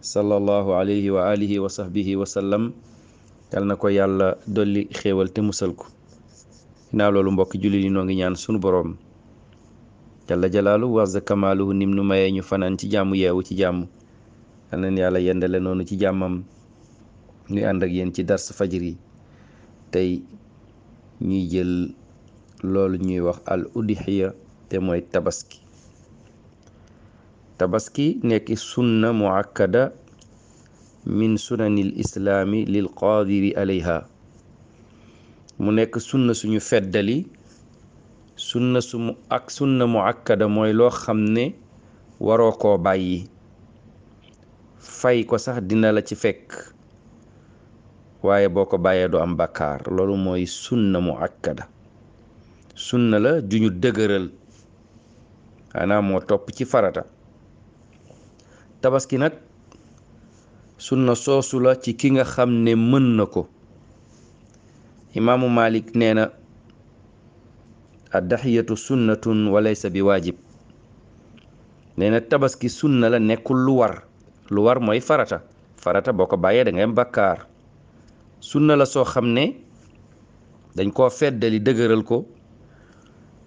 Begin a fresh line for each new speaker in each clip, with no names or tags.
sallallahu alayhi wa alihi wa sahbihi wa sallam yal na ko yàlla dolli xéewal te musal ko ginnaaw loolu mbokki julli yi noo ngi ñaan sunu boroom jalla jalaalu wasa kamaaluhu nim nu mayee ñu fanaan ci jàmm yeewu ci jàmm yal na yàlla yendale noonu ci jàmmam ñuy ànd ak yéen ci dars fajar yi tey ñuy jël loolu ñuy wax al udixiya te mooy tabaski tabaski nekk sunna muakkada min sunanil islaami lil qaadiri alayha mu nekk sunna suñu feddali sunna su ak sunna muakkada mooy loo xam ne waroo koo bàyyi fay ko sax dina la ci fekk waaye boo ko bàyyee du am bakkaar loolu mooy sunna muakkada sunna la juñu ñu dëgëral xanaa moo topp ci farata tabaski nag sunna soosu la ci ki nga xam ne mën na ko imaamu malik nee na addaxiyatu sunnatun wa laysa bi waajib nee na tabaski sunna la nekkul lu war lu war mooy farata farata boo ko bàyyee da ngay bakkaar sunna la soo xam ne dañ koo feddali dëgëral ko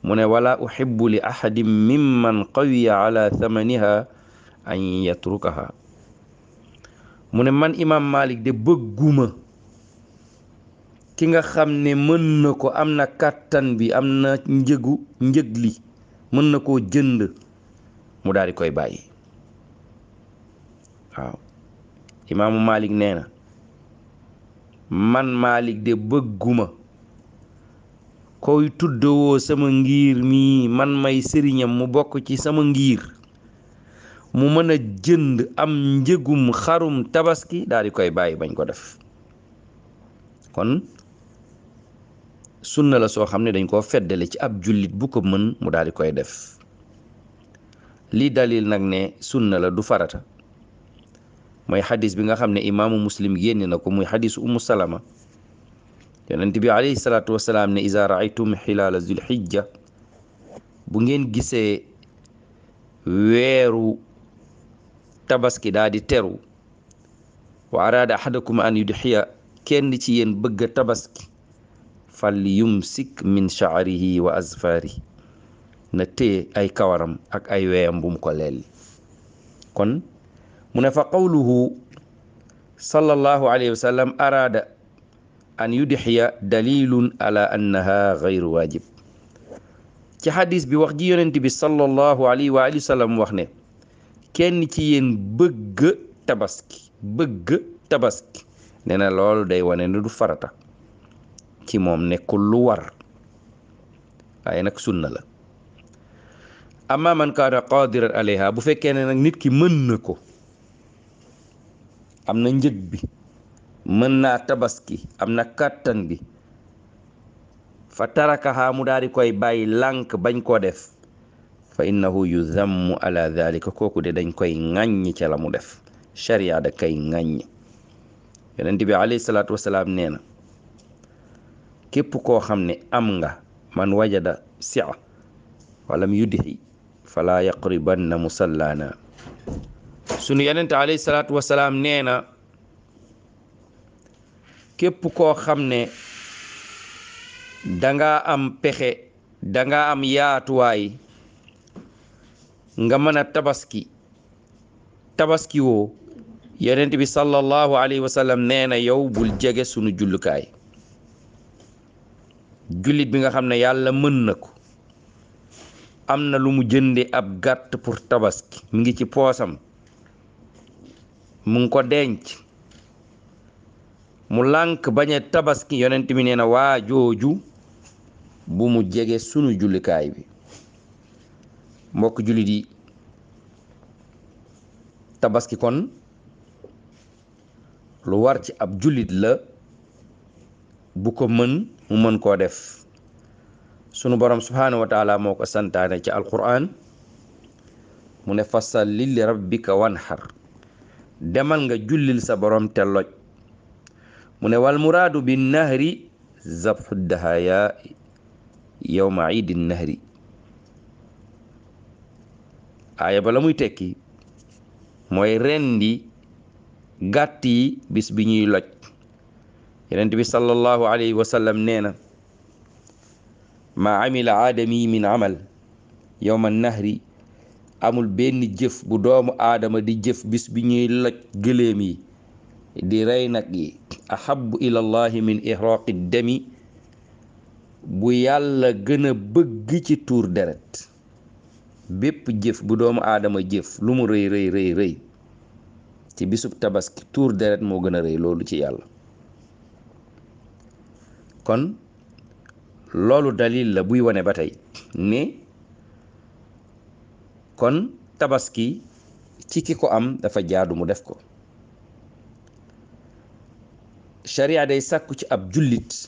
mu ne wala uhibbu li ahadin mimman qawiya ala thamaniha an mu ne man imam malik de bëgguma ki nga xam ne mën na ko am na kàttan bi am na njëgu njëg li mën na koo jënd mu daldi koy bàyyi waaw imaamu malik nee na man malik de bëgguma koy tuddawoo sama ngiir mii man may sëriñam mu bokk ci sama ngiir mu mën a jënd am njëgum xarum tabaski daal koy bàyyi bañ ko def kon sunna la soo xam ne dañ koo feddale ci ab jullit bu ko mën mu daal di koy def lii dalil nag ne sunna la du farata mooy xadis bi nga xam ne imaamu muslim génn na ko muy xadisu umu salama yonent bi alayhi salaatu wasalaam ne iza raaytum xilaala zulxijja bu ngeen gisee weeru tabaski daa di teru wa araada ahadakum an yudxiya kenn ci yéen bëgga tabaski fal yumsik min shaarihi wa azfaari na téye ay kawaram ak ay weyam bum ko leel kon mu ne fa qawluhu sallallahu alayhi wa sallam an yudxiya dalilun ala annaha gayru waajib ci xadis bi wax ji yonent alayhi wa alihi kenn ci yéen bëgg tabaski bëgg tabaski nee loolu day wane ne du farata ci moom nekkul lu war waaye nag sunna la amma man kaana qadiran alayha bu fekkee ne nag nit ki mën na ko am na njëg bi mën naa tabaski am na kàttan bi fa tarakaha mu daal di koy bàyyi lànk bañ koo def fa innahu yudammu ala dhalika kooku de dañ koy ŋàññi ca la mu def sharia da koy ŋàññi yonent bi salaatu wasalaam nee na képp koo xam ne am nga man wajada sia walam yudhi fala yaqribanna musallana sunu yonent alayhi salaatu wasalaam nee na képp koo ne dangaa am pexe dangaa am yaatuwaay nga mën a tabaski tabaski woo yonent bi sallallahu alayhi wa nee na yow bul jege sunu jullukaay jullit bi nga xam ne yàlla mën na ko am na lu mu jënde ab gàtt pour tabaski mu ngi ci poosam mu ngi ko denc mu lànk bañ tabaski yonent bi nee na waa jooju bu mu jege sunu jullikaay bi mbokk jullit yi tabaski kon lu war ci ab jullit la bu ko mën mu mën koo def sunu borom subhaanahu wa moo ko santaane ci alquran mu ne fasalli li rabbika wanhar demal nga jullil sa borom te loj mu ne wal muraadu bi nahri zabxu dahaya yowma iidi nahri aaya ba muy tekki mooy rendi gàtt yi bis bi ñuy loj yonent bi sallallahu alayhi wa sallam nee na maa amila aadami min amal yowma nahri amul benn jëf bu doomu aadama di jëf bis bi ñuy loj gëléem di rey nag yi ahabu ila allahi min ihraqi demi bu yàlla gën a bëgg ci tuur deret bépp jëf bu doomu aadama jëf lu mu rëy rëy rëy rëy ci bisub tabaski tuur deret moo gën a rëy loolu ci yàlla kon loolu dalil la buy wane ba tey ne kon tabaski ci ki ko am dafa jaadu mu def ko sharia day sàkku ci ab jullit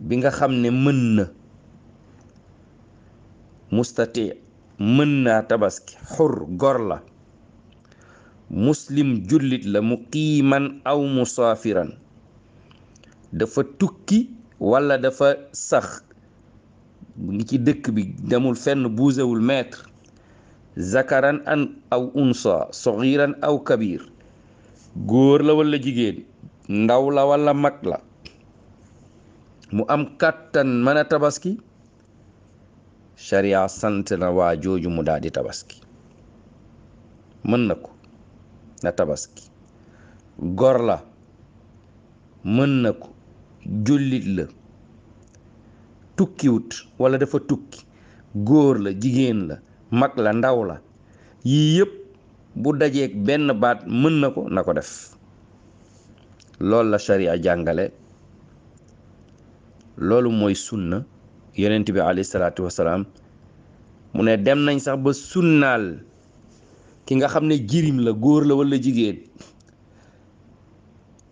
bi nga xam ne mën na mustatee mën naa tabaski xur gor la muslim jullit la muqiiman aw musaafiran dafa tukki walla dafa sax ngi ci dëkk bi demul fenn buusewul mètre zakaran an aw unsa soxiran aw kabir góor la walla jigéen ndaw la walla mag la mu am kàttan mana tabaski sharia sant na waa jooju mu daal di tabaski mën na ko na tabaski gor la mën na ko jullit la tukkiwut walla dafa tukki góor la jigéen la mag la ndaw la yii yépp bu dajeeg benn baat mën na ko na ko def loolu la sharia jàngale loolu mooy na yonent bi alayhi salaatu mu ne dem nañ sax ba sunnaal ki nga xam ne jirim la góor la walla jigéen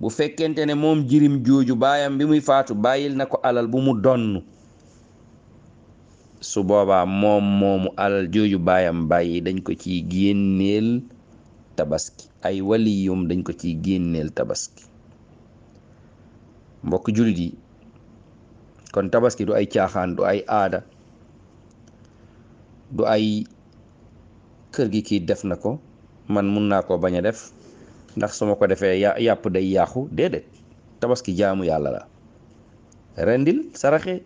bu fekkente ne moom jirim jooju baayam bi muy faatu bàyyil na ko alal bu mu donn su boobaa moom moomu alal jooju baayam bàyyi dañ ko ciy génneel tabaski ay waliyum dañ ko ciy génneel tabaski mbokk jullit yi kon tabaski du ay caaxaan du ay aada du ay kër gi kii def na ko man mun naa ko bañ a def ndax su ma ko defee ya yàpp day yàqu déedéet tabaski jaamu yàlla la rendil saraxe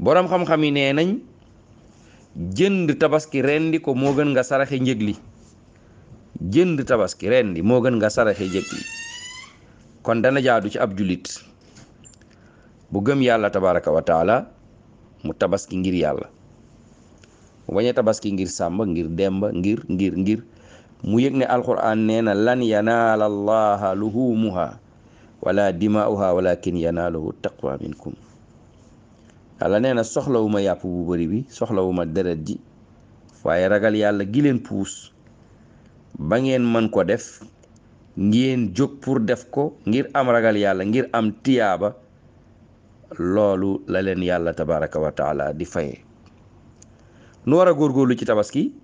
boroom xam-xam yi nee nañ jënd tabaski rendi ko moo gën nga saraxe njëg li jënd tabaski rendi moo gën nga saraxe njëg kon dana jaadu ci ab julit bu gëm yàlla tabaraka wa taala mu tabaski ngir yàlla mu tabaski ngir sàmba ngir demba ngir ngir ngir mu yëg ne alquran nee na lan yanaala allaha luhumuha wala dimaauha walakin yanaaluhu taqwa minkum yàlla nee na soxlawuma yàpp bu bëri bi soxlawuma deret ji waaye ragal yàlla gi puus ba ngeen mën ko def ngeen jóg pour def ko ngir am ragal yàlla ngir am tiyaaba loolu la leen yàlla tabaraka wa taala di faye nu war a góorgóorlu ci tabaski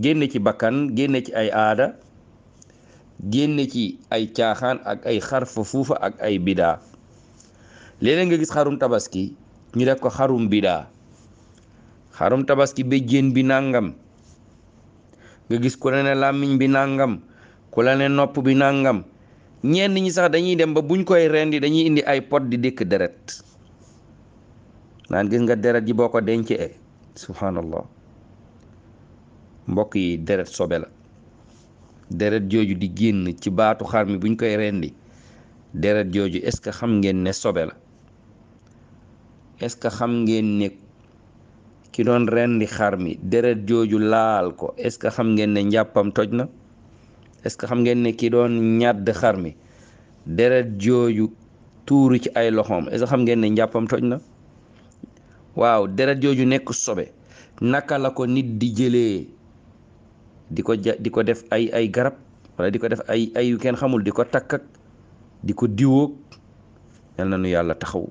génne ci bakkan génne ci ay aada génne ci ay caaxaan ak ay xarfa fuufa ak ay bidaa léeg nga gis xarum tabaski ñu def ko xarum bidaa xarum tabaski béjjéen bi nangam nga gis ku la ne làmmiñ bi nangam ku la ne nopp bi nangam ñenn ñi sax dañuy dem ba buñ koy rendi dañuy indi ay pot di dëkk deret naan gis nga deret yi boo ko dencee subhanallah mbokk yi deret sobe la deret jooju di génn ci baatu xar mi buñ koy rendi deret jooju est-ce que xam ngeen ne sobe la est-ce que xam ngeen ne ki doon rendi xar mi deret jooju laal ko est-ce que xam ngeen ne njàppam toj na est-ce que xam ngeen ne kii doon ñàdd xar mi deret jooju tuuru ci ay loxoom est que xam ngeen ne njàppam toj na waaw deret jooju nekk sobe naka la ko nit di jëlee di ko di ko def ay ay garab wala di ko def ay ay yu kenn xamul di ko takk di ko diwoog yal na nu yàlla taxaw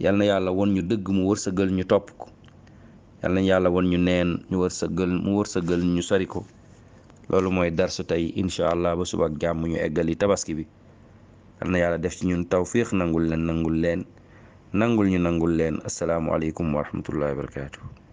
yal na yàlla won ñu dëgg mu wërsëgal ñu topp ko yal na yàlla won ñu neen ñu wërsëgal mu wërsëgal ñu sori ko loolu mooy darsu tey incha allah ba suba ak jàmm ñu eggali tabaski bi yal na yàlla def ci ñun tawfiq nangul leen nangul leen nangul ñu nangul leen asalaamualeykum wa rahmatullahi wa